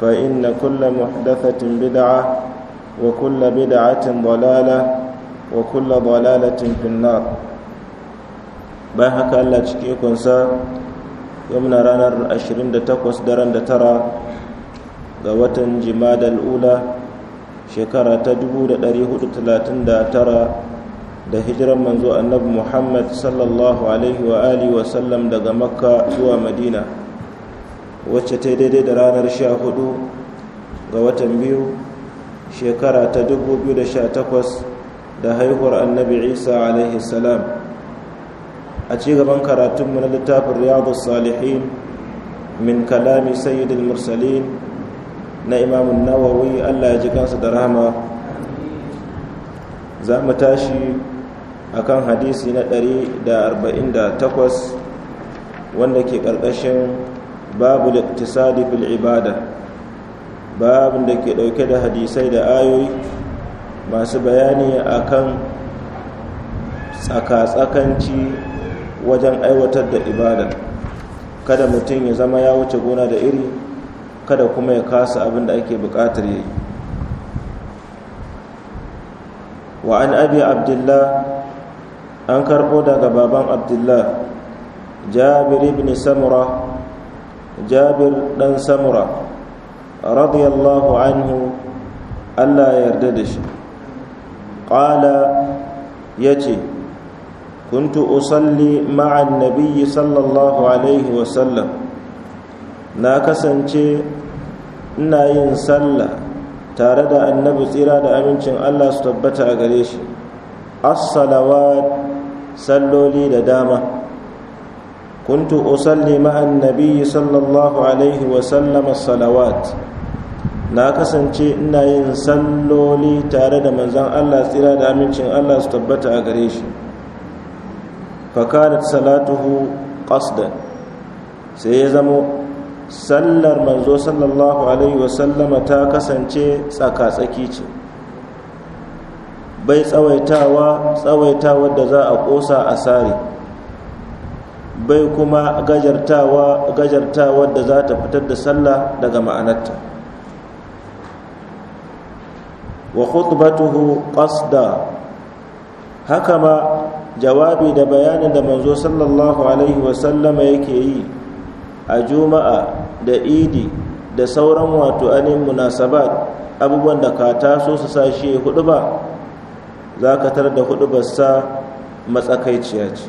فإن كل محدثة بدعة وكل بدعة ضلالة وكل ضلالة في النار باهك الله تشكيكم سا يومنا رانر أشرين دتاكوس دران دترا قوة جماد الأولى شكرة تجبو دريه تلاتين دترا da hijiran manzo annabi Muhammad sallallahu alaihi wa alihi wa sallam daga Makka zuwa Madina wacce ta daidai da ranar 14 ga watan biyu shekara ta 2018 da haihuwar annabi isa alaihi salam a ci gaban karatunmu na littafin riyadu salihin min kalami sayyidul mursalin na imamun nawawi allah ya ji kansa da rahama za mu tashi akan hadisi na 148 wanda ke ƙarƙashin babu iqtisadi bil ibada babu da ke dauke da hadisai da ayoyi masu bayani akan tsaka-tsakanci wajen aiwatar da ibada kada mutum ya zama ya wuce gona da iri kada kuma ya kasa abin da ake bukatar yi wa an abi abdullahi an karbo daga baban abdullah jabir bin samura jabir ɗan samura radiyallahu anhu allah yarda da shi ƙala ya ce kuntu usalli ma'an nabiyyi sallallahu alaihi wasallam na kasance ina yin sallah tare da annabi tsira da amincin allah su tabbata a gare shi as-salawat salloli da dama كنت أصلي مع النبي صلى الله عليه وسلم الصلوات na kasance ina yin salloli tare da manzon Allah tsira da amincin Allah su tabbata a gare shi fakanat salatuhu qasdan sai ya zamo sallar manzo sallallahu alaihi wasallama ta kasance tsaka-tsaki ce bai tsawaitawa tsawaitawa da za a kosa a sare bai kuma gajartawa da za ta fitar da sallah daga ma'anarta wa khutbatuhu qasda haka ma jawabi da bayanin da manzo sallallahu alaihi wa sallama yake yi a juma'a da idi da sauran wato anin munasabat abubuwan da ka taso su sa shi hudu ba za ka tar da hudu sa matsakaiciya ce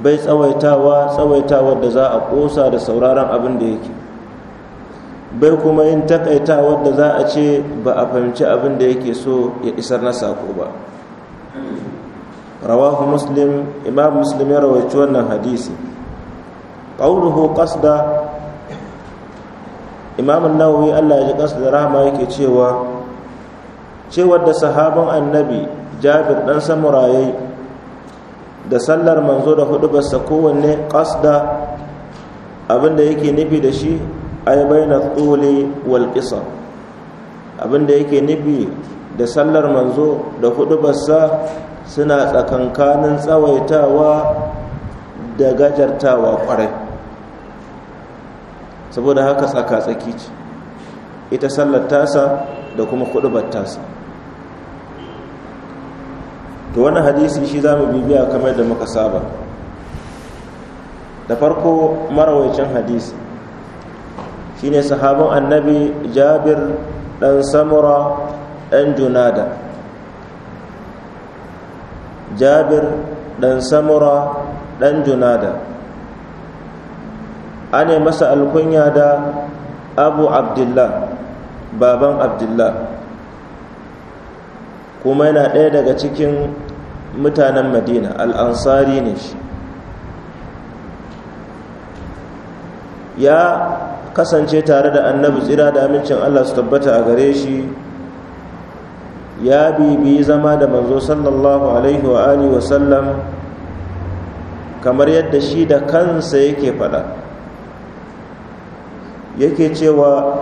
bai tsawaitawa tsawaitawar da za a ƙosa da sauraron abin da yake bai kuma yin takaitawar da za a ce ba a fahimci abin da yake so ya isar na sako ba rawahu muslim imam muslim ya rawaici wannan hadisi ƙaunuhu ƙasda imamun nawawi allah ya ji da rahama yake cewa cewar da sahabin annabi jabir ɗan samurayi da sallar manzo da hudubarsa kowanne ƙasda abinda yake nufi da shi ai baina tsole wal abinda yake nufi da sallar manzo da huɗubarsa suna tsakankanin tsawaitawa da gajartawa kwarai saboda haka tsaka tsaki ce ita sallar tasa da kuma hudubar tasa to wani hadisi shi za mu bibiya kamar da muka saba da farko marawaicin hadisi Shi ne sahabin annabi jabir dan samura dan junada jabir dan samura dan junada ane masa alkunya da abu abdullah baban abdullah kuma yana ɗaya daga cikin mutanen madina al'ansari ne shi ya kasance tare da annabi tsira da amincin allah su tabbata a gare shi ya bibi zama da manzo sallallahu alaihi wa alihi wasallam kamar yadda shi da kansa yake faɗa yake cewa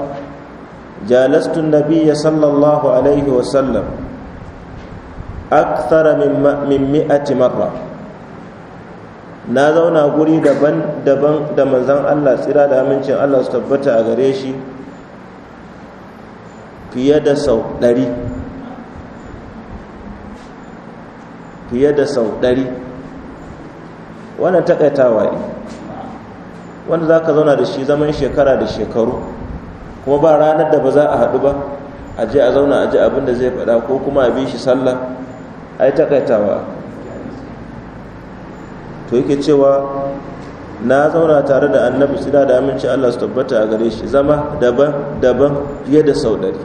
jalastun nabiya sallallahu alaihi wasallam akthara min mi'ati marra na zauna guri daban-daban da manzan Allah Sira da amincin Allah su tabbata a gare shi fiye da sau ɗari fiye da sau ɗari wannan wanda za ka zauna da shi zaman shekara da shekaru kuma ba ranar da ba za a haɗu ba a je a zauna a ji abin da zai faɗa ko kuma a bi shi sallah ai takaitawa to yake cewa na zauna tare da annabi sida da aminci Allah su tabbata a gare shi zama daban daban fiye da sau ɗari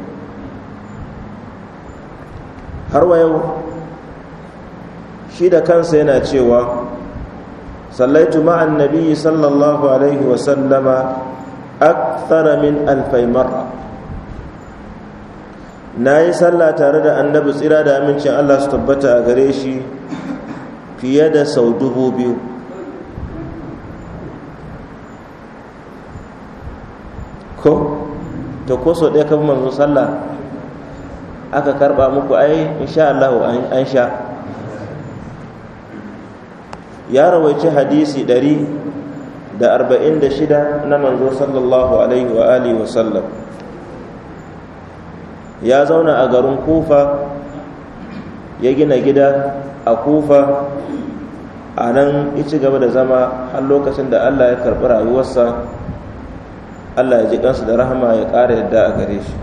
har wa shi da kansa yana cewa sallaitu ma'an nabi sallallahu alaihi wasallama akthara min alfaimarra na yi sallah tare da annabi tsira da amincin allah su tabbata a gare shi fiye da sau dubu biyu ko ta ko sau ɗaya kafin manzo sallah aka karɓa muku ai insha allah an sha ya rawaici hadisi ɗari da arba'in da shida na manzo sallallahu alaihi wa alihi wa sallam ya zauna a garin kufa ya gina gida a kufa a nan ci gaba da zama har lokacin da allah ya karɓi rayuwarsa allah ya ji kansu da rahama ya ƙara yadda a gare shi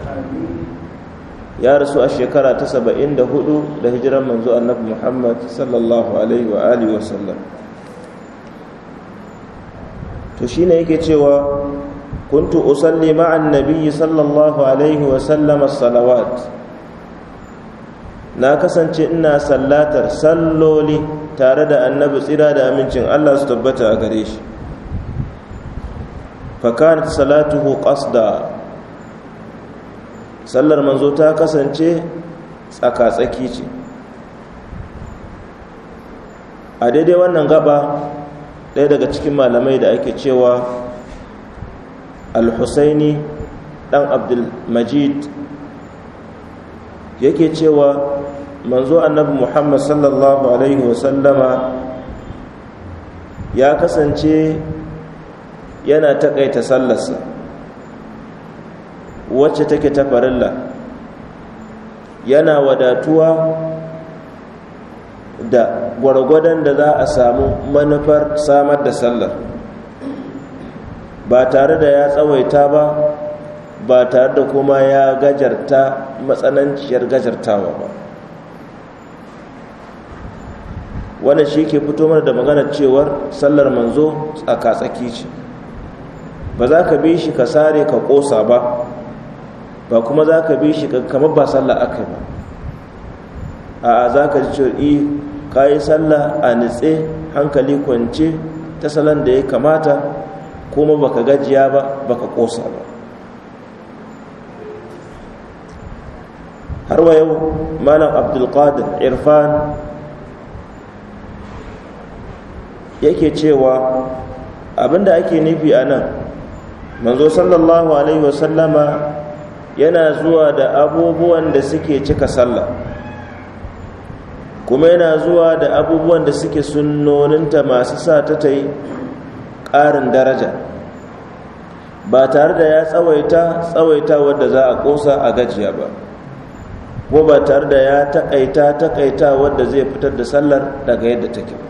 ya rasu a shekara ta saba'in da hudu da hijiran manzo annabi muhammad sallallahu alaihi wa alihi wasallam to shine yake cewa كنت أصلي مع النبي صلى الله عليه وسلم الصلوات na kasance ina sallatar salloli tare da annabi tsira da amincin Allah su tabbata a gare shi fakanat salatuhu qasda sallar manzo ta kasance tsaka-tsaki ce a daidai wannan gaba ɗaya daga cikin malamai da ake cewa al-husaini dan abdulmajid yake cewa manzo annabi muhammad sallallahu alaihi wasallama ya kasance yana taƙaita sallarsa wacce take ta farilla yana wadatuwa da gwargwadon da za a samu manufar samar da sallar ba tare da ya tsawaita ba ba tare da kuma ya gajarta matsananciyar gajartawa ba wannan shi ke fito mana da maganar cewar sallar manzo tsaka-tsaki ce ba za ka bi shi ka sare ka kosa ba ba kuma za ka bi shi kamar ba sallah aka ba a'a za ka ji cewa ka yi sallah a nitse hankali kwance ta salon da ya kamata kuma baka gajiya ba baka kosa ba har wa yau malam abdulkadir irfan yake cewa abinda ake nufi a nan manzo sallallahu alaihi wasallama yana zuwa da abubuwan da suke cika sallah kuma yana zuwa da abubuwan da suke sunnoninta masu sa ta ta yi ƙarin daraja ba tare da ya tsawaita tsawaita wadda za a ƙosa a gajiya ba ko ba tare da ya taƙaita taƙaita wadda zai fitar da sallar daga yadda take ba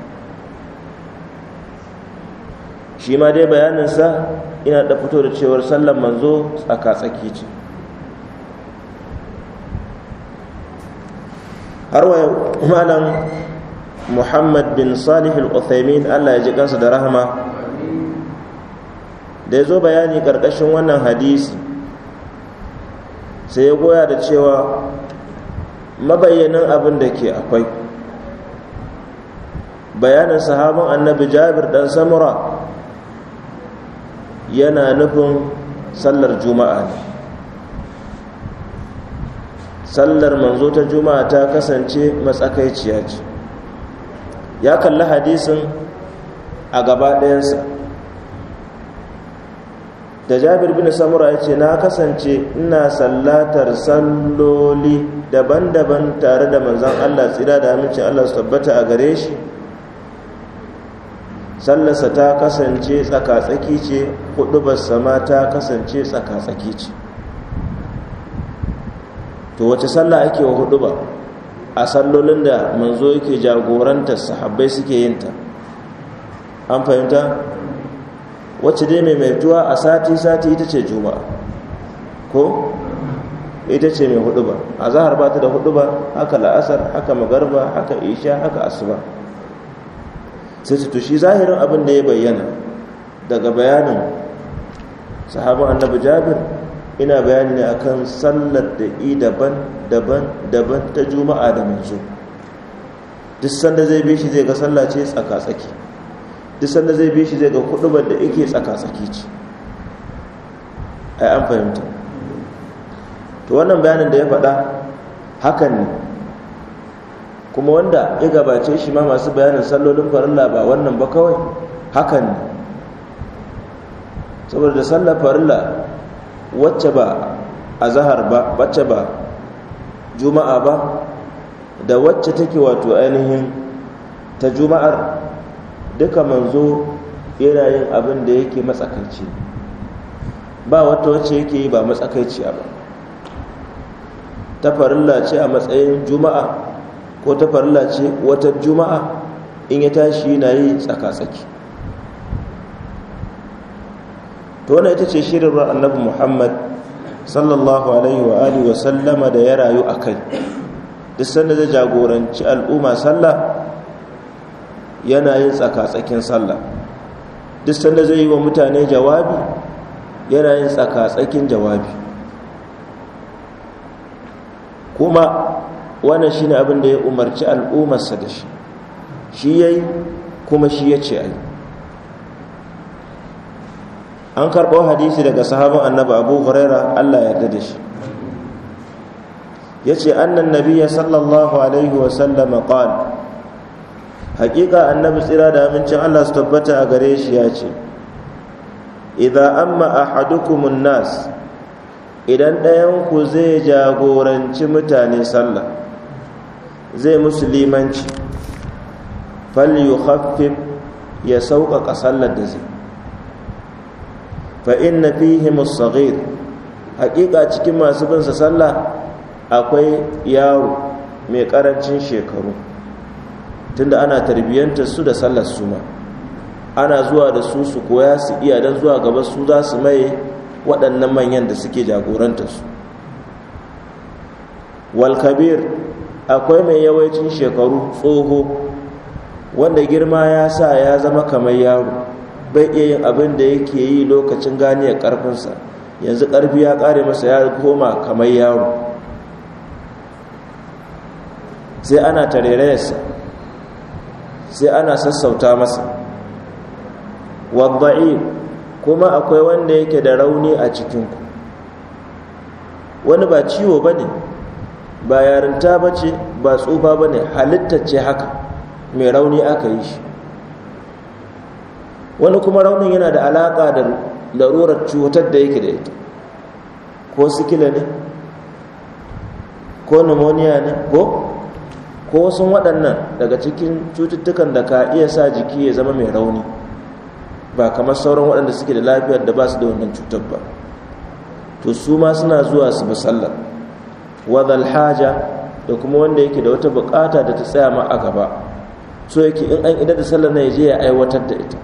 shi ma dai bayaninsa ina da fito da cewar sallar manzo tsaka-tsaki ce har wa malam muhammad bin salih al-uthaymin allah ya ji kansa da rahama da ya zo bayani ƙarƙashin wannan hadisi sai ya goya da cewa mabayyanin abin da ke akwai bayanin sahabin annabi jabir Dan samura yana nufin sallar juma'a ne sallar manzo ta juma'a ta kasance matsakaiciya ce ya kalli hadisin a gaba ɗayansa da jabir bin samura ya ce na kasance ina sallatar salloli daban-daban tare da manzan allah tsira da amincin allah su tabbata a gare shi sallarsa ta kasance tsaka-tsaki ce kudubarsa ma ta kasance tsaka-tsaki ce to wace sallah ake wa ba a sallolin da manzo yake jagorantar sahabbai suke yinta an fahimta wacce dai mai maimaituwa a sati sati ita ce juma'a ko ita ce mai hudu ba a zahar ba ta da hudu ba haka la'asar haka magarba haka isha haka asuba sai su tushi zahirin abin da ya bayyana daga bayanin sahabin annabi jabir ina bayani ne akan sallar da i daban daban daban ta juma'a da manzo duk sanda zai bi shi zai ga sallah tsaka-tsaki duk da zai bi shi zai ga kudubar da yake tsaka-tsaki ce ai an fahimta to wannan bayanin da ya faɗa hakan ne kuma wanda ya gabace shi ma masu bayanin sallolin farilla ba wannan ba kawai hakan ne saboda sallar farilla wacce ba a zahar ba wacce ba juma'a ba da wacce take wato ainihin ta juma'ar duka manzo yana yin abin da yake matsakaici ba wata wacce yake yi ba matsakaici ba ta ce a matsayin juma'a ko ta ce wata juma'a in ya tashi yana yi tsaka-tsaki to wani ita ce shirin annabi muhammad sallallahu alaihi wa alihi wa sallama da ya rayu a kai duk sanda da jagoranci al'umma sallah yana yin tsakatsakin sallah duk sanda zai yi wa mutane jawabi yana yin tsakatsakin jawabi kuma wannan shine abin da ya umarci al'ummarsa da shi shi ya yi kuma shi ya ce ai an karɓo hadisi daga sahabin annaba abu huraira allah yarda da shi ya ce annan nabiya sallallahu alaihi wasallama qala hakika annabi tsira da amincin Allah su tabbata a gare shi ya ce idan amma ahadukumun nas idan ɗayan ku zai jagoranci mutane sallah zai musulmanci falyukhaffif ya sauƙaƙa sallar da zai fa inna fihi musaghir Hakika cikin masu binsa sallah akwai yaro mai ƙarancin shekaru tunda ana tarbiyyantar su da sallar suma ana zuwa da su su koya su iya don zuwa gaba su za su maye waɗannan manyan da suke jagoranta su walkabir akwai mai yawancin shekaru tsoho wanda girma ya sa ya zama kamar yaro bai iya yin abin da yake yi lokacin ganiyar ƙarfinsa yanzu ƙarfi ya ƙare masa ya koma kamar yaro sai ana tarerayarsa sai ana sassauta masa wadda'i kuma akwai wanda yake da rauni a cikinku wani ba ciwo ba ne ba yarinta ba ce ba tsufa ba ne ce haka mai rauni aka yi shi wani kuma raunin yana da alaƙa da larurar cutar da yake da ita ko sikila ne ko pneumonia ne ko ko sun waɗannan daga cikin cututtukan da ka iya sa jiki ya zama mai rauni ba kamar sauran waɗanda suke da lafiyar da ba su da wannan cutar ba to su ma suna zuwa su bi sallar wadal haja da kuma wanda yake da wata bukata da ta tsaya ma a gaba so yake in an idar da sallar na ya ya aiwatar da ita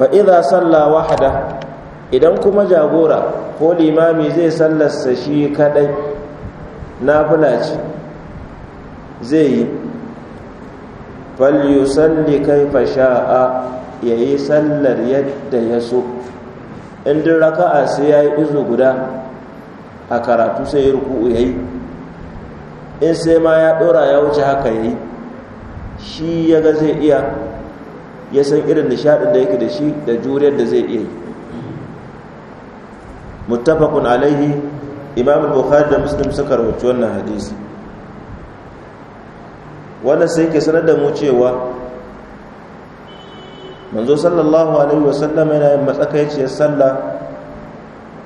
fa idza salla wahda idan kuma jagora ko limami zai sallarsa shi kadai nafila ce zai yi falyusalli kaifa sha'a ya yi sallar yadda ya so in raka'a sai ya yi izu guda a karatu sai ya ruku'u ya yi in sai ma ya ɗora ya wuce haka ya yi shi ya ga zai iya ya san irin nishaɗin da yake da shi da juriyar da zai iya yi muttafaqun alaihi imam bukhari da muslim suka rubuci wannan hadisi wannan sai ke sanar da mu cewa manzo sallallahu alaihi wasallam yana yin matsakaiciyar sallah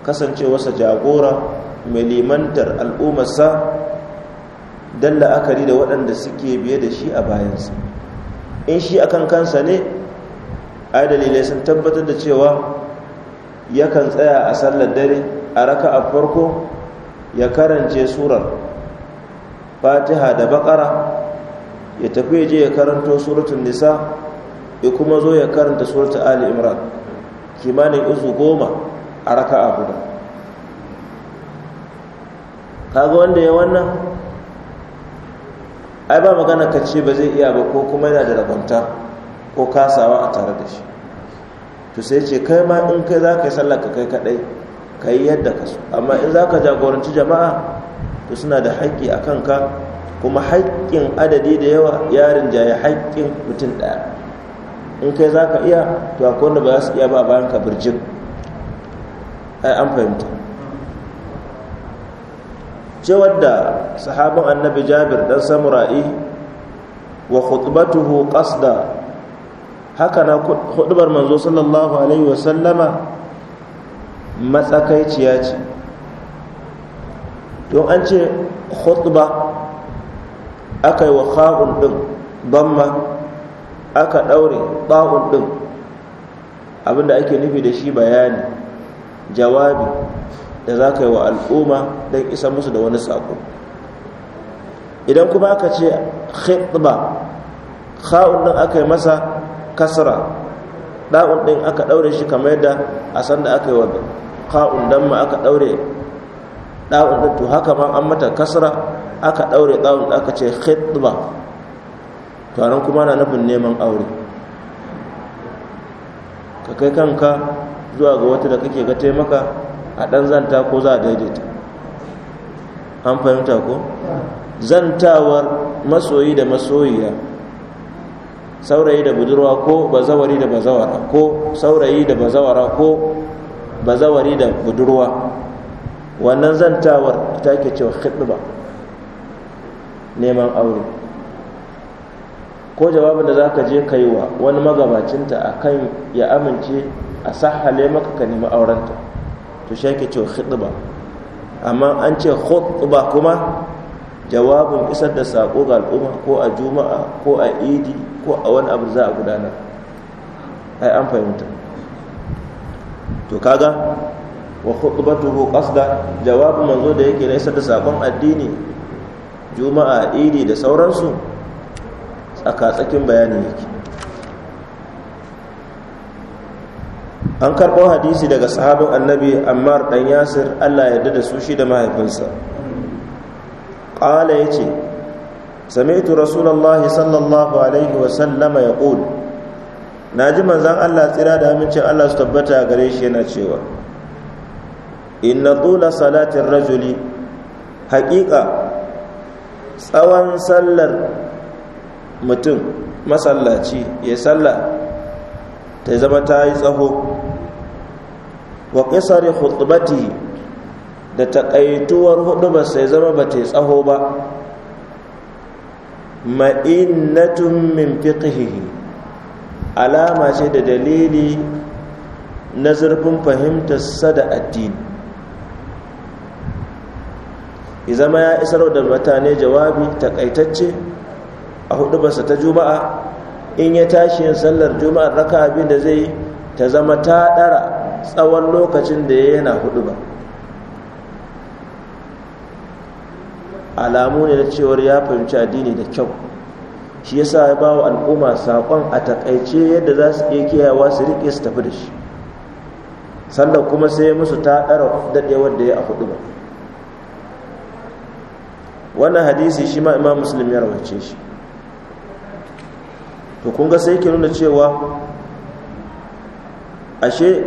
kasancewarsa jagora mai limantar al'ummarsa don la'akari da waɗanda suke biye da shi a bayansa in shi akan kansa ne ai dalilai sun tabbatar da cewa yakan tsaya a sallar dare a raka a farko ya karance surar fatiha da bakara ya tafi ya je ya karanto suratun nisa ya kuma zo ya karanta suratun ali imran kimanin izu goma a raka'a guda kaga wanda ya wannan ai ba magana ka ce ba zai iya ba ko kuma yana da rabonta ko kasawa a tare da shi to sai ce kai ma in kai za ka yi sallar ka kai kadai ka yi yadda ka so amma in za ka jagoranci jama'a to suna da haƙƙi a kanka kuma haƙƙin adadi da yawa yarin jaye haƙƙin mutum ɗaya in kai za ka iya to akwai wanda ba za su iya ba bayan ka birjin ai an fahimta cewar da sahabin annabi jabir dan samura'i wa khutbatuhu qasda haka na huɗubar manzo sallallahu alaihi wa sallama matsakaiciya ce to an ce khutba aka yi wa kha'un ɗin bamma aka ɗaure ba'un ɗin abinda ake nufi da shi bayani jawabi da za ka yi wa al'umma don isa musu da wani saƙo idan kuma aka ce khutba kha'un ɗin aka yi masa kasra ɗa'un ɗin aka ɗaure shi kamar yadda a sanda aka yi wa ka'un ma aka daure da'un din to haka ma an mata kasra aka daure da'un aka ce khidba to anan kuma na nufin neman aure ka kai kanka zuwa ga wata da kake ga taimaka a dan zanta ko za a daidaita an fahimta ko zantawar masoyi da masoyiya saurayi da budurwa ko bazawari da bazawara ko saurayi da bazawara ko Ba zawari da budurwa wannan zantawar ita ke cewa khidba neman aure ko jawabin da za ka je kaiwa wani magabacinta a kan ya amince a sahale maka ka nemi aurenta to shi ke cewa khidba amma an ce khutba kuma jawabin isar da sako ga al'umma ko a juma'a ko a idi ko a wani abu za a gudanar ai an fahimta to kaga wa khutbatuhu qasda jawabin manzo da yake na da sakon addini juma'a idi da sauransu tsaka-tsakin bayani yake an karɓo hadisi daga sahabin annabi ammar Dan, yasir allah yarda da su shi da mahaifinsa qala yace sami'tu rasulallah sallallahu alaihi wa sallama yaqul. na ji manzan Allah tsira da amincin Allah su tabbata gare shi yana cewa inna tula salatin rajuli haƙiƙa tsawon sallar mutum masallaci ya salla, ta zama ta yi tsaho wa ƙisari hutubati da taƙaituwar ba sai zama ba ta yi tsaho ba ma'innatun min fiƙihihi alama ce da dalili na zurfin fahimtarsa da addini zama ya isar da mutane jawabi takaitacce a hudubarsa ta juma'a in ya tashi yin sallar juma'ar raka abin da zai ta zama ta ɗara tsawon lokacin da ya yana huɗuba. alamu ne na cewar ya fahimci addini da kyau shi yasa ya bawa al'umma saƙon a takaice yadda za su iya kiyawa su riƙe su tafi da shi sannan kuma sai ya musu ta ɗara daɗe da ya a hudu ba wannan hadisi shi ma imam musulun ya rawace shi to kun sai ke nuna cewa ashe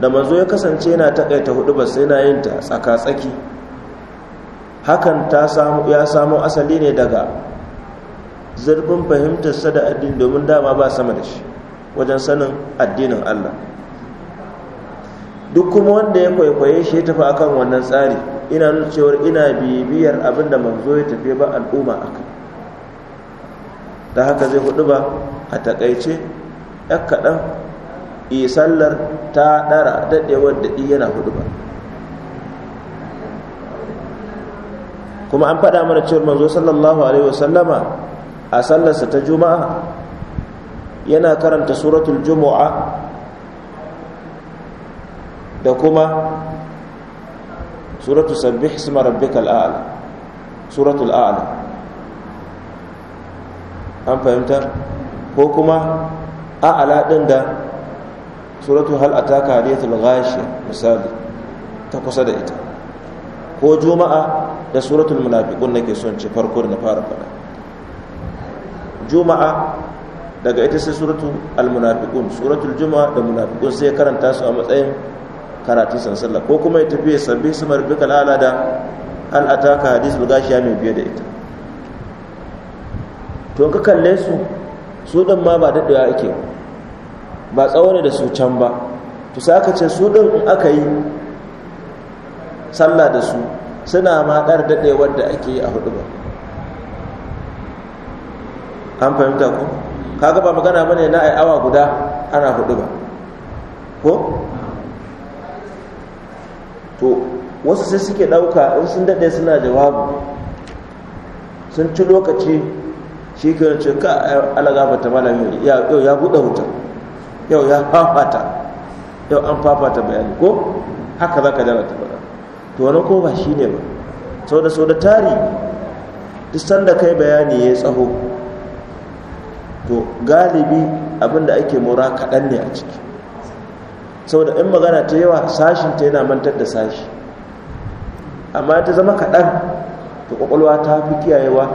da manzo ya kasance yana takaita hudu ba sai na yin ta tsaka-tsaki hakan ya samo asali ne daga zurfin fahimtarsa da addini domin dama ba sama da shi wajen sanin addinin Allah duk kuma wanda ya kwaikwaye shi ya tafi akan wannan tsari ina nuna cewar ina bibiyar abin da manzo ya tafi ba al'umma akan da haka zai hudu ba a takaice yan kaɗan sallar ta ɗara daɗewar da yana hudu ba kuma an faɗa mana cewar manzo sallallahu alaihi wasallama a sallarsa ta juma'a yana karanta suratul juma'a da kuma suratul sabbih isma rabbikal a'la suratul a'la an fahimta ko kuma a'la din da suratul hal ataka hadiyatul ghashiya misali ta kusa da ita ko juma'a da suratul munafiqun nake son ce farko na fara faɗa juma'a daga ita sai suratu almunafiqun suratul juma'a da munafiqun sai karanta su a matsayin karatun san sallah ko kuma ya tafi sabbi sumar bika da hal ataka hadisul gashiya mai biye da ita to ka kalle su su din ma ba daɗewa ake ba tsawo da su can ba to sai aka ce su din in aka yi sallah da su suna ma ɗar daɗewar da ake yi a hudu ba an fahimta ku kaga ba magana bane na ai awa guda ana hudu ba ko to wasu sai suke dauka in sun dade suna jawabu sun ci lokaci shi ke ce ka alaga bata malami yau ya buɗe wuta yau ya fafata yau an fafata bayani ko haka za ka dara ta faɗa to wani ko ba shi ne ba sau da sau da tari duk sanda kai bayani ya yi tsaho to galibi abinda ake mora kaɗan ne a ciki saboda in magana ta yawa sashin ta yana mantar da sashi amma ta zama kaɗan to ƙwaƙwalwa ta fi kiyayewa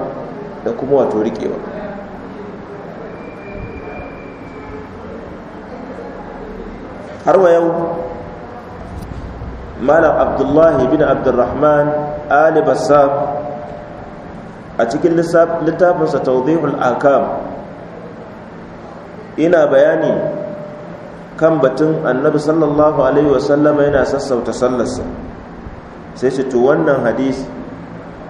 da kuma wato riƙewa har wa yau malam abdullahi bin abdurrahman ali a cikin littafinsa taudihul akam ina bayani kan batun annabi sallallahu alaihi wasallama yana sassauta sallarsa sai ce to wannan hadisi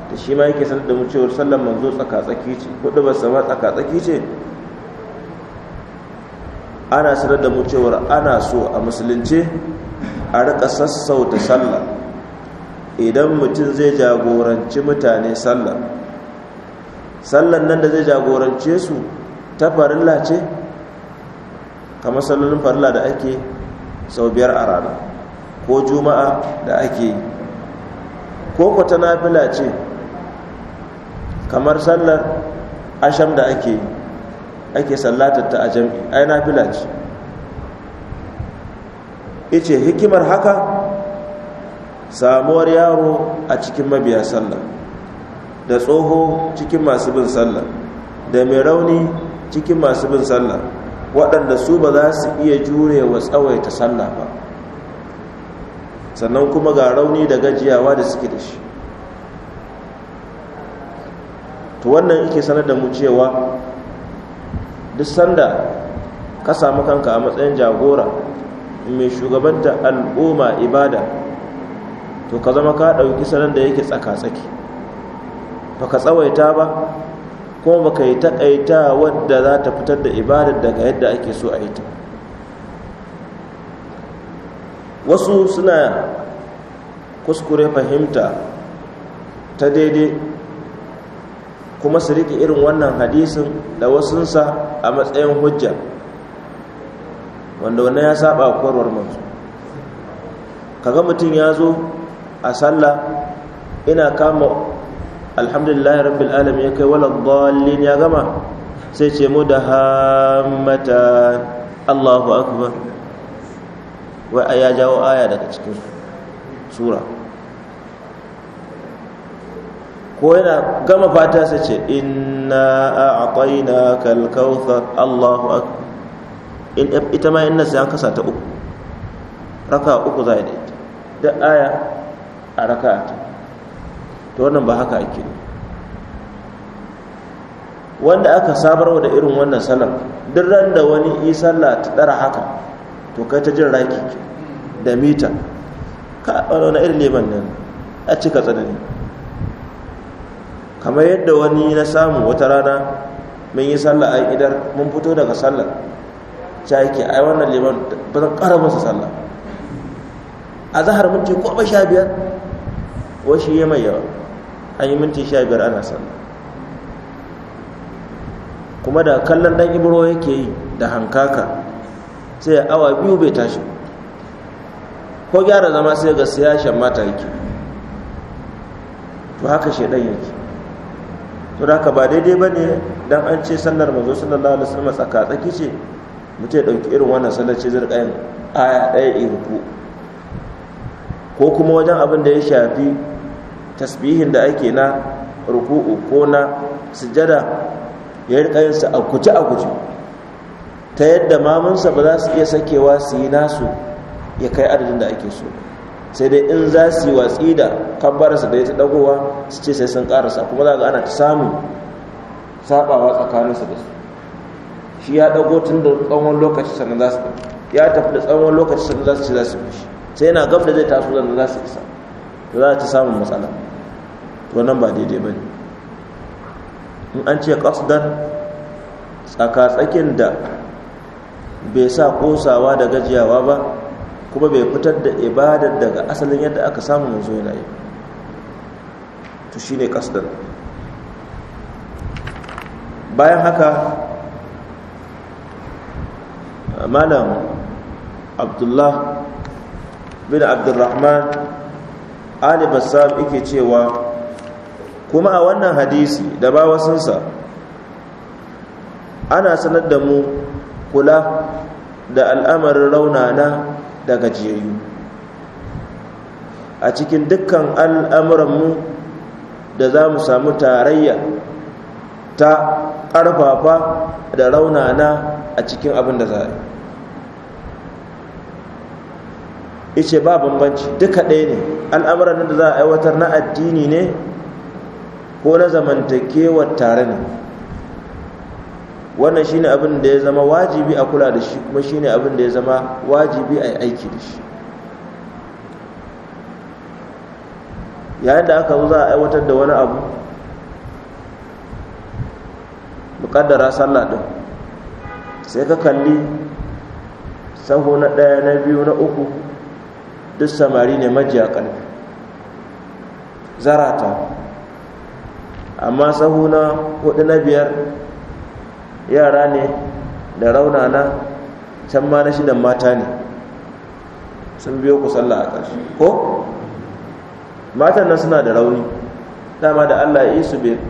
da shi ma yake sanar da mu cewa sallar manzo tsaka-tsaki ce kudu ba sama tsaka-tsaki ce ana sanar da mu cewa ana so a musulunce a rika sassauta sallar, idan mutum zai jagoranci mutane sallar. sallan nan da zai jagorance su ta farilla ce kamar sallolin farla da ake sau biyar a rana ko juma'a da ake yi ko kwata nafila ce kamar sallar asham da ake yi ake a jam'i ai nafila ce ice hikimar haka samuwar yaro a cikin mabiya sallah da tsoho cikin masu bin sallah da mai rauni cikin masu bin sallar waɗanda su ba za su iya jure wa tsawaita sallah ba sannan kuma ga rauni da gajiyawa da suke da shi to wannan ike sanar da mu cewa duk sanda ka samu kanka a matsayin jagora mai shugabanta al'umma ibada to ka zama ka ɗauki sanar da yake tsaka-tsaki ba ka tsawaita ba ko baka yi taƙaita wadda za ta fitar da ibadar daga yadda ake so a yi ta wasu suna kuskure fahimta ta daidai kuma su riƙe irin wannan hadisin da wasunsa a matsayin hujja wanda wannan ya saba kwarwar mutu kaga mutum ya zo a sallah ina kama alhamdulillahi rabbil alamin ya kai wala dallin ya gama sai ce mu da hammata Allahu akbar wai ya jawo aya daga cikin sura ko yana gama fata sai ce inna a'tayna kal kautsar Allahu akbar in ita ma inna sai an kasa ta uku raka uku zai da ita da aya a raka ta to wannan ba haka ake ne wanda aka samarwa da irin wannan sallar duk ran da wani yi sallah ta dara haka to kai ta jin raki da mita ka wani irin neman nan a cika tsanani kamar yadda wani na samu wata rana mun yi sallah a idar mun fito daga sallar ta yake ai wannan neman ba zan ƙara masa sallah a zahar minti ba sha biyar wasu shi mai yawa an yi minti sha biyar ana sallah kuma da kallon dan ibro yake yi da hankaka sai awa biyu bai tashi ko gyara zama sai ga siyashen mata yake to haka shaidan yake to haka ba daidai ba ne don an ce sallar mazo sallallahu alaihi wasallam tsaka tsaki ce mutum ya ɗauki irin wannan sallar ce zirka yin aya ɗaya ko kuma wajen abin da ya shafi tasbihin da ake na ruku'u ko na sujada ya rika yin sa a kuce a kuce ta yadda mamansa ba za su iya sakewa su yi nasu ya kai adadin da ake so sai dai in za su yi watsi da kabbararsa da ya ta dagowa su ce sai sun karasa kuma za ga ana ta samun sabawa tsakaninsa da su shi ya dago tun da tsawon lokaci sannan za su ya tafi da tsawon lokaci sannan za su ce za su fi sai yana gab da zai taso sannan za su isa za ta samun matsala wannan ba daidai ba ne in an ce ƙasdan tsakatsakin da bai sa ƙosawa da gajiyawa ba kuma bai fitar da ibadar daga asalin yadda aka samu manzo yana yi to shi ne ƙasdan bayan haka malam abdullah bin abdullrahman alibassam bassam yake cewa kuma a wannan hadisi da ba wasunsa ana sanar da mu kula da al'amarin raunana da gajiyayyu a cikin dukkan al'amuranmu da za mu samu tarayya ta ƙarfafa da raunana a cikin abin da za a ice ba bambanci duka ɗaya ne al'amuran da za a aiwatar na addini ne ko na zamantakewar tare ne wannan shine abin da ya zama wajibi a kula da shi kuma shine abin da ya zama wajibi a aiki da shi yayin da aka zo za a aiwatar da wani abu muƙaddara sallah ɗin sai ka kalli saho na ɗaya na biyu na uku duk samari ne majiya ƙarfi zarata amma sahu na hudu na biyar yara ne da raunana can ma na shidan mata ne sun biyo ku sallah a ƙarshe ko matan nan suna da rauni dama da allah ya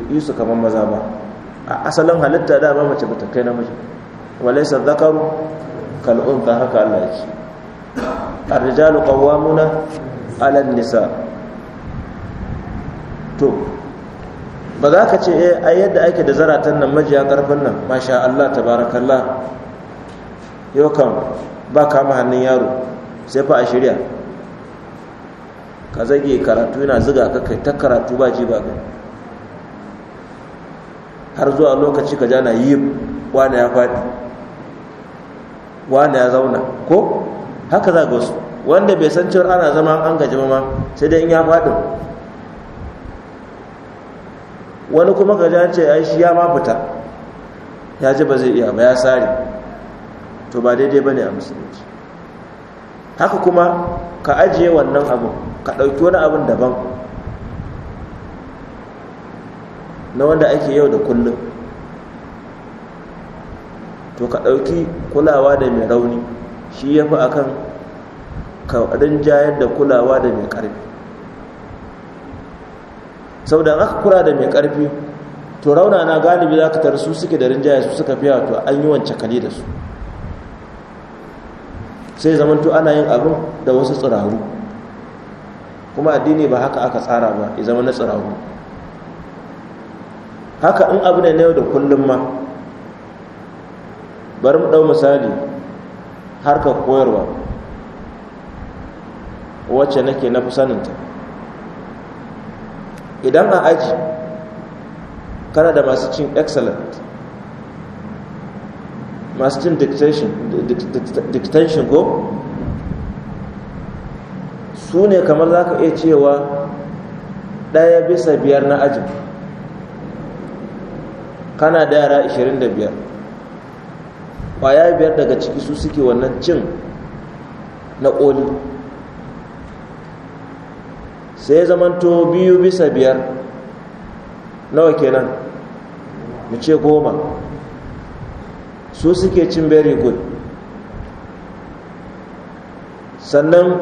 yi su kamar maza ba a asalin halitta dama mace ba ta kai namiji walaisa zakaru ta haka allah ya ce الرجال قوامون Alan nisa to ba za ka ce eh ai yadda ake da zaratan nan majiya karfin nan masha Allah tabarakallah yau kam ba kama hannun yaro sai fa a shirya ka zage karatu yana ziga ka kai ta karatu ba ji ba ga har zuwa lokaci ka jana yi wani ya faɗi wani ya zauna ko haka za ga wasu wanda bai san cewar ana zama an gaji ma sai dai in ya faɗi wani kuma ka ja ce ya shi ya ma fita ya ji ba zai iya ba ya sare to ba daidai ba ne a musulunci haka kuma ka ajiye wannan abin ka ɗauki wani abin daban na wanda ake yau da kullum to ka ɗauki kulawa da mai rauni shi ya fi akan ka rinjayar da kulawa da mai ƙarfi Sau saboda aka kura da mai karfi to rauna na galibi za ka tara su suke da rinjaya su suka fiya to an yi wancan kali da su sai to ana yin abin da wasu tsiraru kuma addini ba haka aka tsara ba ya zama na tsirahu haka in abu ne na yau da kullum ma bari mu ɗau misali harkar koyarwa wacce nake na fi saninta idan a aji kana da masu cin excellent masu cin dictation ko su ne kamar za ka iya cewa ɗaya bisa biyar na ajin kana da yara 25 ƙwaya biyar daga ciki su suke wannan cin na ƙoli sai zamanto biyu bisa biyar nawa kenan mu ce goma su suke cin very good sannan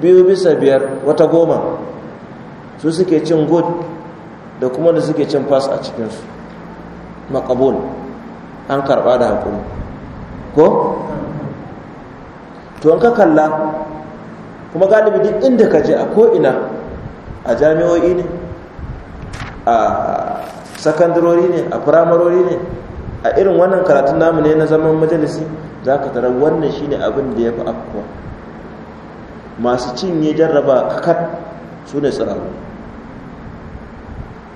biyu bisa biyar wata goma su suke cin good da kuma da suke cin pass a cikinsu makabul an karba da haƙuri ko? to an ka kalla kuma galibi duk inda ka je a ko'ina a jami'o'i ne a sakandarori ne a firamarori ne a irin wannan karatun namu ne na zaman majalisi za ka tara wannan shine abin da ya fi afkuwa masu cinye jarraba kakat su ne tsiraru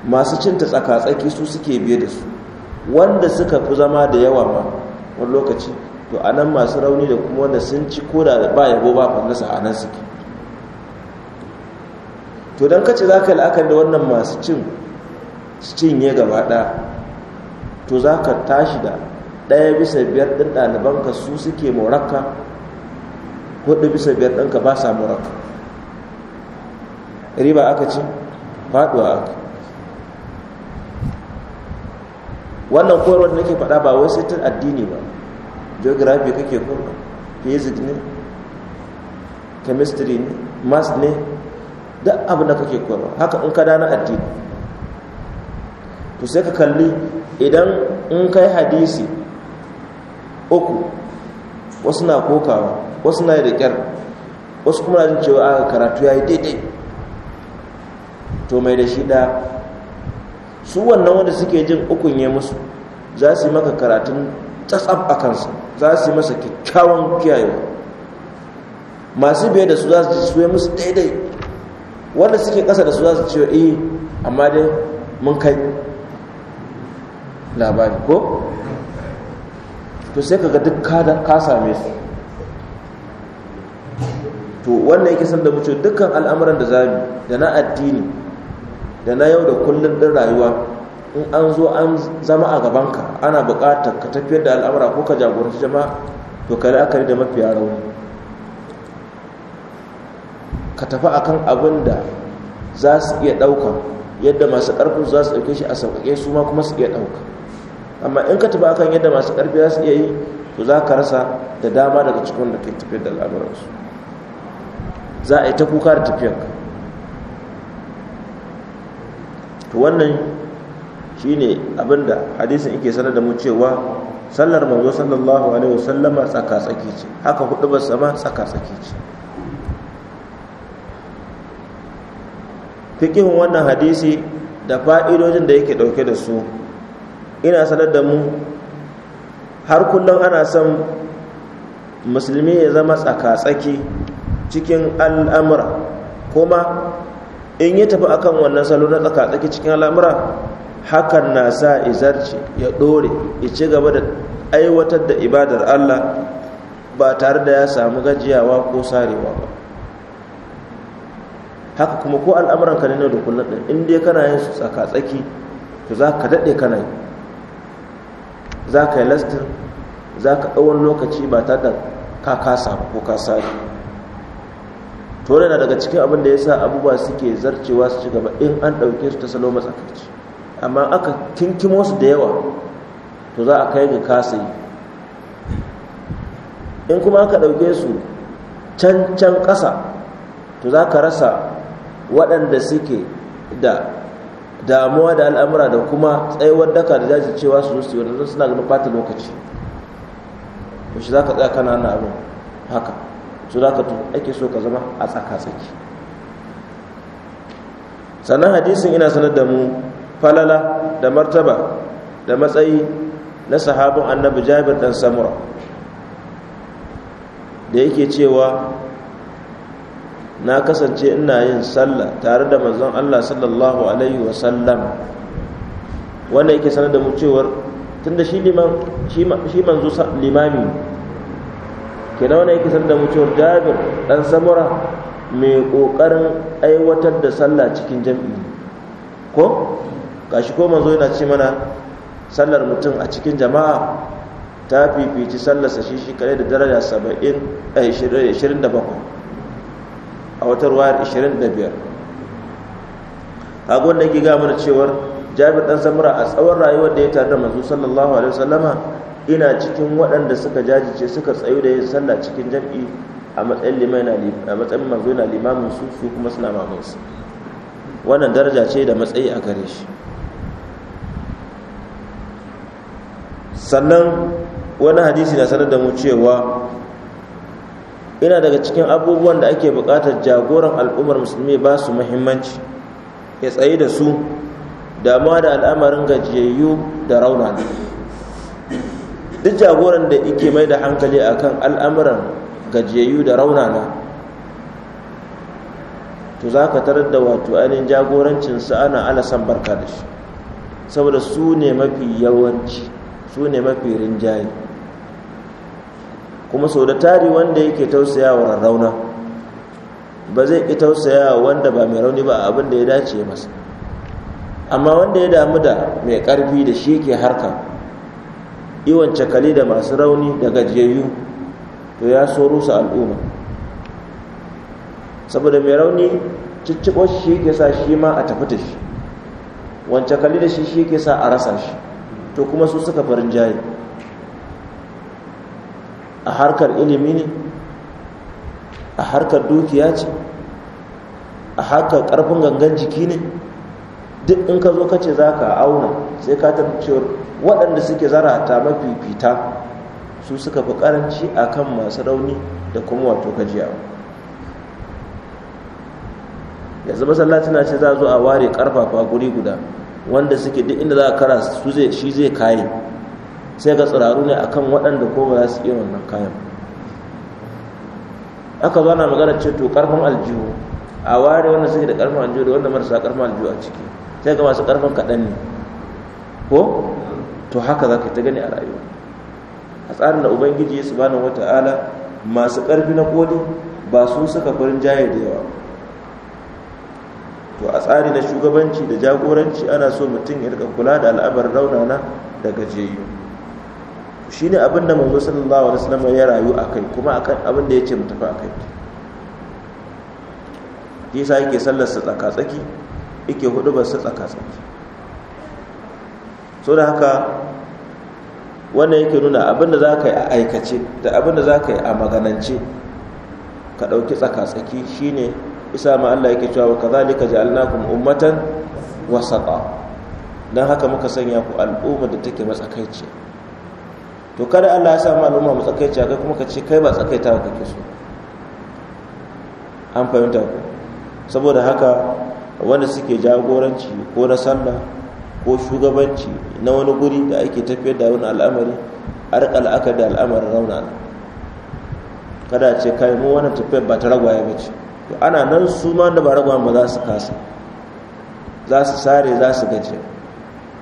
masu cinta tsaka-tsaki su suke biye da su wanda suka fi zama da yawa ma wani lokaci to anan masu rauni da kuma wanda sun ci koda da ba yabo ba fannasa a nan suke to don kace za ka la'akar da wannan masu cin cinye gaba ɗaya to za ka tashi da ɗaya bisa biyar ɗin ɗalibanka su suke moraka hudu bisa biyar ɗinka ba sa moraka riba aka ci faɗuwa aka wannan koyarwar da nake faɗa ba wai sai addini ba geography kake koyarwa physics ne chemistry ne maths ne duk abin da kake koyarwa haka in ka dana addini to sai ka kalli idan in kai hadisi uku wasu na kokawa wasu na da kyar wasu kuma na cewa aka ah, karatu ya yi daidai to mai da shi ɗaya su wannan wanda suke jin ukun ya musu za su yi maka karatun tsatsab a kansa za su yi masa kyakkyawan kiyayewa masu biye da su za su ji su musu daidai wanda suke kasa da su za su ce iya eh, amma dai mun kai labari ko to sai ka ga duk ka same su to wannan yake san da mu ce dukkan al'amuran da zamu da na addini da na yau da kullun din rayuwa in an zo an zama a gabanka ana bukatar ka tafiyar da al'amura ko ka jagoranci jama'a to ka la'akari da mafiya rauni ka tafi kan abin da za su iya ɗauka yadda masu ƙarfi za su ɗauke shi a sauƙaƙe su ma kuma su iya ɗauka amma in ka tafi kan yadda masu ƙarfi za su iya yi to za ka rasa da dama daga cikin da ke tafiyar da al'amuransu za a yi ta kuka da tafiyar to wannan shine abinda hadisin yake sanar da mu cewa sallar manzo sallallahu alaihi wasallama tsaka tsaki ce haka hudu ba sama tsaka tsaki ce Fikin wannan hadisi da fa'idojin da yake ɗauke da su ina sanar da mu har kullum ana son musulmi ya zama tsaka-tsaki cikin al'amura kuma in ya tafi akan wannan salo na tsaka-tsaki cikin al'amura hakan na sa izarci ya ɗore ya ci gaba da aiwatar da ibadar allah ba tare da ya samu gajiyawa ko sarewa ba haka kuma ko al'amuran ka ne na da kullum in dai kana yin su tsaka tsaki to za ka daɗe kana yi za ka yi lastin za ka ɗauwan lokaci ba tare da ka kasa ko ka sake to na daga cikin abin da ya sa abubuwa suke zarcewa su ci gaba in an ɗauke su ta salo matsakaici amma aka kinkimo su da yawa to za a kai ga kasa yi in kuma aka ɗauke su can can ƙasa to za ka rasa waɗanda suke da damuwa da al'amura da kuma tsayuwar daka da jaji cewa su zuci wadanda suna ganin fata lokaci shi za ka tsaya kana na abin haka su za ka ake so ka zama a tsaka-tsaki sannan hadisin ina sanar da mu falala da martaba da matsayi na sahabin annabi jabir dan samura da yake cewa na kasance ina yin sallah tare da manzon Allah sallallahu alaihi wa sallam wanda yake sanar da mu cewar tunda shi liman shi manzo limami kenan wanda yake sanar da mu cewar Jabir dan Samura mai kokarin aiwatar da sallah cikin jami'i ko gashi ko manzo yana ce mana sallar mutum a cikin jama'a ta fifici sallarsa shi shi kare da daraja 70 27 eh, a wata da biyar. kaga wanda ke ga mana cewar jami'ar ɗan Samura a tsawon rayuwar da ya tare da mazu sallallahu alaihi wasallama ina cikin waɗanda suka jajice suka tsayu da yin sallah cikin jam'i a matsayin liman a manzo na limamin su su kuma suna mamun su wannan daraja ce da matsayi a gare shi sannan wani hadisi na sanar da mu cewa ina daga cikin abubuwan da ake buƙatar jagoran al'ummar musulmi ba su muhimmanci ya tsaye da su damuwa da al'amarin gajiyayyu da rauna duk jagoran da ke mai da hankali a kan al'amuran gajiyayyu da raunana to za ka tarar da wato ainihin jagorancinsa ana alasan barka da shi saboda su ne mafi yawanci su ne mafi rinjaye kuma sau da tari wanda yake tausaya wa rarrauna ba zai ƙi tausaya wanda ba mai rauni ba abin da ya dace masa amma wanda ya damu da mai ƙarfi da shi ke harka iwan cakali da masu rauni da gajiyayyu to ya so rusa al'umma saboda mai rauni cicciɓo shi ke sa shi ma a tafi da shi wance kali da shi shi ke sa a rasa shi to kuma su suka farin jayi a harkar ilimi ne a harkar dukiya ce a harkar karfin gangan jiki ne duk in ka zo ka ce za ka auna sai ka tafi waɗanda suke zarata mafifita su suka fi karanci a kan masu rauni da kuma wato Ya yanzu masallaci na ce za a zo a ware ƙarfafa guri guda wanda suke duk inda za a kara su shi zai kaye sai ga tsiraru ne akan waɗanda ko ba za su iya wannan kayan aka zo na magana ce to karfin aljihu a ware wanda suke da karfin aljihu da wanda marasa karfin aljihu a ciki sai ga masu karfin kaɗan ne ko to haka za ka ta gani a rayuwa a tsarin da ubangiji su bani wata'ala masu ƙarfi na koli ba su suka farin jaye da yawa to a tsari na shugabanci da jagoranci ana so mutum ya rika kula da al'abar raunana da gajiyayyu shine abin da manzo sallallahu alaihi wasallam ya rayu akai kuma abin da yace mu tafi akai sa yake sallar sa tsaka tsaki yake ba sa tsaka tsaki so da haka wannan yake nuna abin da ka yi a aikace da abin da ka yi a maganance ka ɗauki tsaka tsaki shi ne isa ma Allah yake cewa ji alnakun ummatan wasata Don haka muka sanya ku al'ummar da take matsakaiciya to kada Allah ya samu al'umma mu tsakaici kai kuma ka ce kai ba tsakaita ka kake so an fahimta ku saboda haka wanda suke jagoranci ko na sallah ko shugabanci na wani guri da ake tafiyar da wani al'amari a riƙa la'akar da al'amarin rauna kada ce kai mu wannan tafiyar ba ta ragwaye ba ce ana nan su ma da ba ragwa ba za su kasa za su sare za su gajiya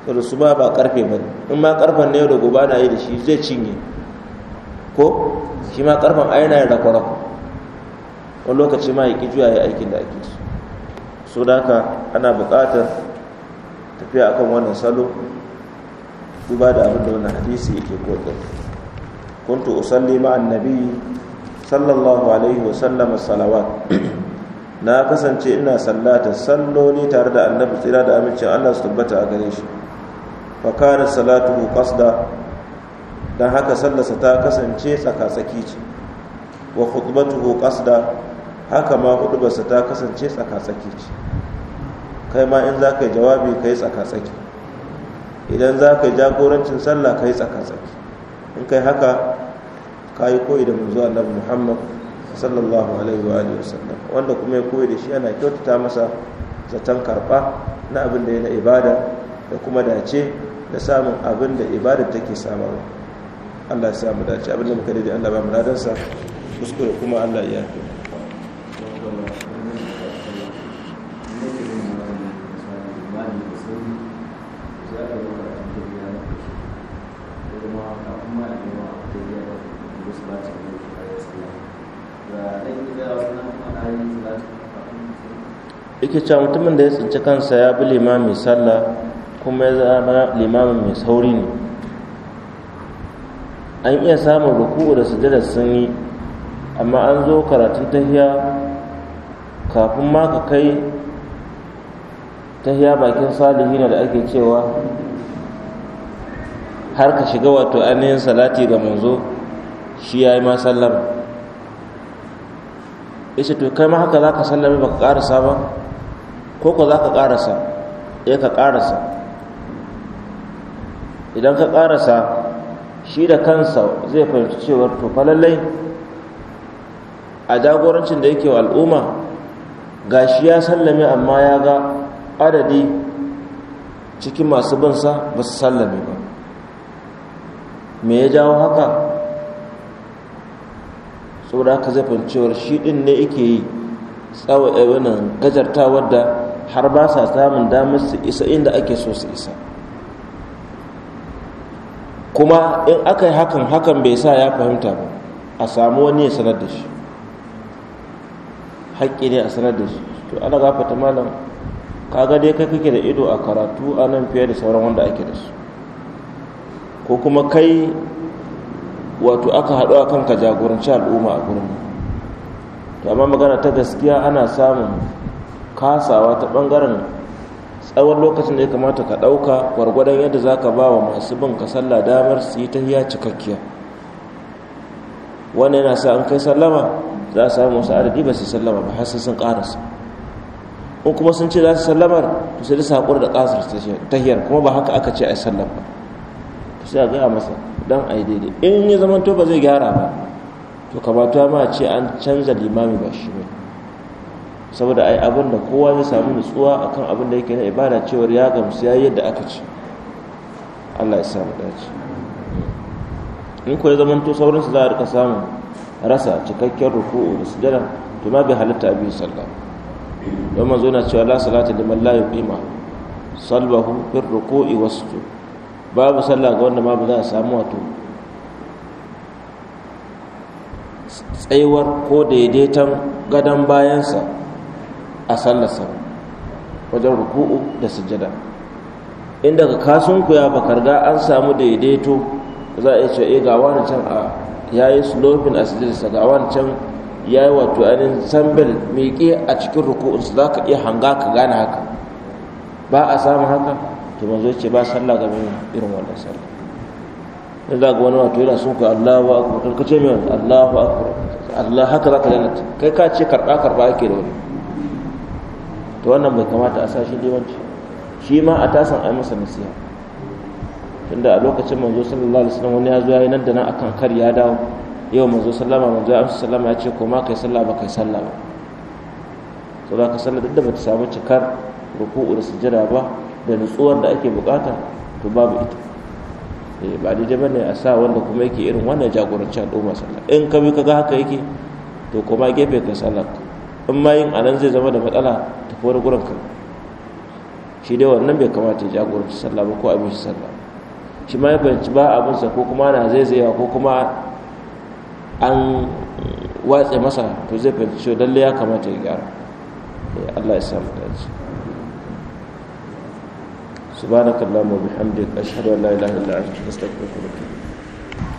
ma ba karfe ba ne. in ma karfen ne da gobe na yi da shi zai cinye ko shi ma karfen ai na da kwarako wani lokaci ma ya ki juya ya aikin da ake su so da haka ana buƙatar tafiya akan wannan salo duba da abin da wani hadisi yake koyar kuntu usalli ma'an nabi sallallahu alaihi wa sallam salawat na kasance ina sallata salloli tare da annabi tsira da amincin Allah su tabbata a gare shi fakarar salatu kasda don haka sallarsa ta kasance tsakasaki ce wa khutbatuhu kasda haka ma hudubarsa ta kasance tsakasaki ce kai ma in za ka yi jawabi ka yi tsakasaki idan za ka yi jagorancin sallah ka yi tsakasaki in kai haka ka yi koyi da manzo Allah muhammad sallallahu alaihi wa alihi wasallam wanda kuma ya koyi da shi ana kyautata masa zaton karba na abin da ya na ibada da kuma dace da samun abin da ibadar take samarwa Allah ya samu dace abin da muka daidai Allah ba mu radansa kuskure kuma Allah ya yafe yake cewa mutumin da ya tsinci kansa ya bi limami sallah kuma ya zama limamin mai sauri ne an iya samun ruku'u da sujada sun yi amma an zo karatun tahiya kafin ma ka kai tahiya bakin na da ake cewa har ka shiga wato ainihin salati ga manzo shi ya yi ma sallama ishe to kai ma haka za ka sallame ba ka ƙarasa ba ko ko za ka ƙarasa ya eh, ka ƙarasa idan ka ƙarasa shi da kansa zai fahimci cewar to falallai a jagorancin da yake wa al'umma ga shi ya sallame amma ya ga adadi cikin masu binsa ba su sallame ba me ya jawo haka saboda haka zai cewar shi ɗin ne yake yi tsawo eh, gajarta wadda har ba sa samun damar su isa inda ake so su isa kuma in aka yi hakan hakan bai sa ya fahimta ba a samu wani ya sanar da shi haƙƙi ne a sanar da shi to ana gafata malam kaga dai kai kake da ido a karatu a nan fiye da sauran wanda ake da su ko kuma kai wato aka haɗu a kanka jagoranci al'umma a gurin to amma magana ta gaskiya ana samun kasawa ta ɓangaren tsawon lokacin da ya kamata ka ɗauka gwargwadon yadda za ka ba wa masu bin ka sallah damar su yi tahiya cikakkiya wannan yana sa an kai sallama za a samu wasu adadi ba su sallama ba har sun ƙarasa in kuma sun ce za su sallamar to sai da saƙon da ƙasar hiyar, kuma ba haka aka ce a sallam ba to a gaya masa don a yi daidai in ya zama to ba zai gyara ba to kamata ma ce an canza limami ba shi ne saboda ai abin da kowa zai samu nutsuwa akan abin da yake na ibada cewar ya gamsu yayi yadda aka ce Allah ya samu dace in ko ya zaman to sauran su za a rika samun rasa cikakken ruku'u da sujada to ma bai halatta abin sallah don manzo na cewa la salata liman la yuqima salbahu fi ruku'i wasu babu sallah ga wanda ma ba za a samu wato tsayuwar ko daidaiton gadon bayansa a sallarsa wajen ruku'u da sujjada inda ka kasunku ya bakar ga an samu daidaito za a iya cewa eh, ga wani can a yayi slopin a sujjadarsa ga wani can ya yi wato ainihin sambal miƙe a cikin ruku'unsa za ka iya hanga ka gane haka ba a samu haka to manzo ce ba sallah ga mai irin wannan sallah in za ga wani wato yana sun ku Allahu akbar karkace mai Allahu akbar Allah haka za ka kai ka ce karɓa karɓa yake da wani to wannan bai kamata a sashi yawanci shi ma a tasan yi masa nasiha tunda a lokacin manzo sallallahu alaihi wasallam wani ya zo yayin nan da nan akan kar ya dawo yau manzo sallama manzo ya amsa sallama ya ce ko ma kai sallah ba kai sallah ba to da ka sallah duk da bata samu cikar ruku'u da sujjada ba da nutsuwar da ake bukata to babu ita eh, ba daidai bane a sa wanda kuma yake irin wannan jagorancin al'umma sallah in ka bi ka ga haka yake to kuma gefe kai sallah in ma yin anan zai zama da matsala tafi wani gurin kan shi dai wannan bai kamata ya jagoranci sallah ba ko abin shi sallah shi ma ya fahimci ba abinsa ko kuma na zaizayewa ko kuma an watse masa to zai fahimci cewa lalle ya kamata ya gyara eh, Allah ya samu dace سبحانك اللهم وبحمدك أشهد أن لا إله إلا أنت أستغفرك وأتوب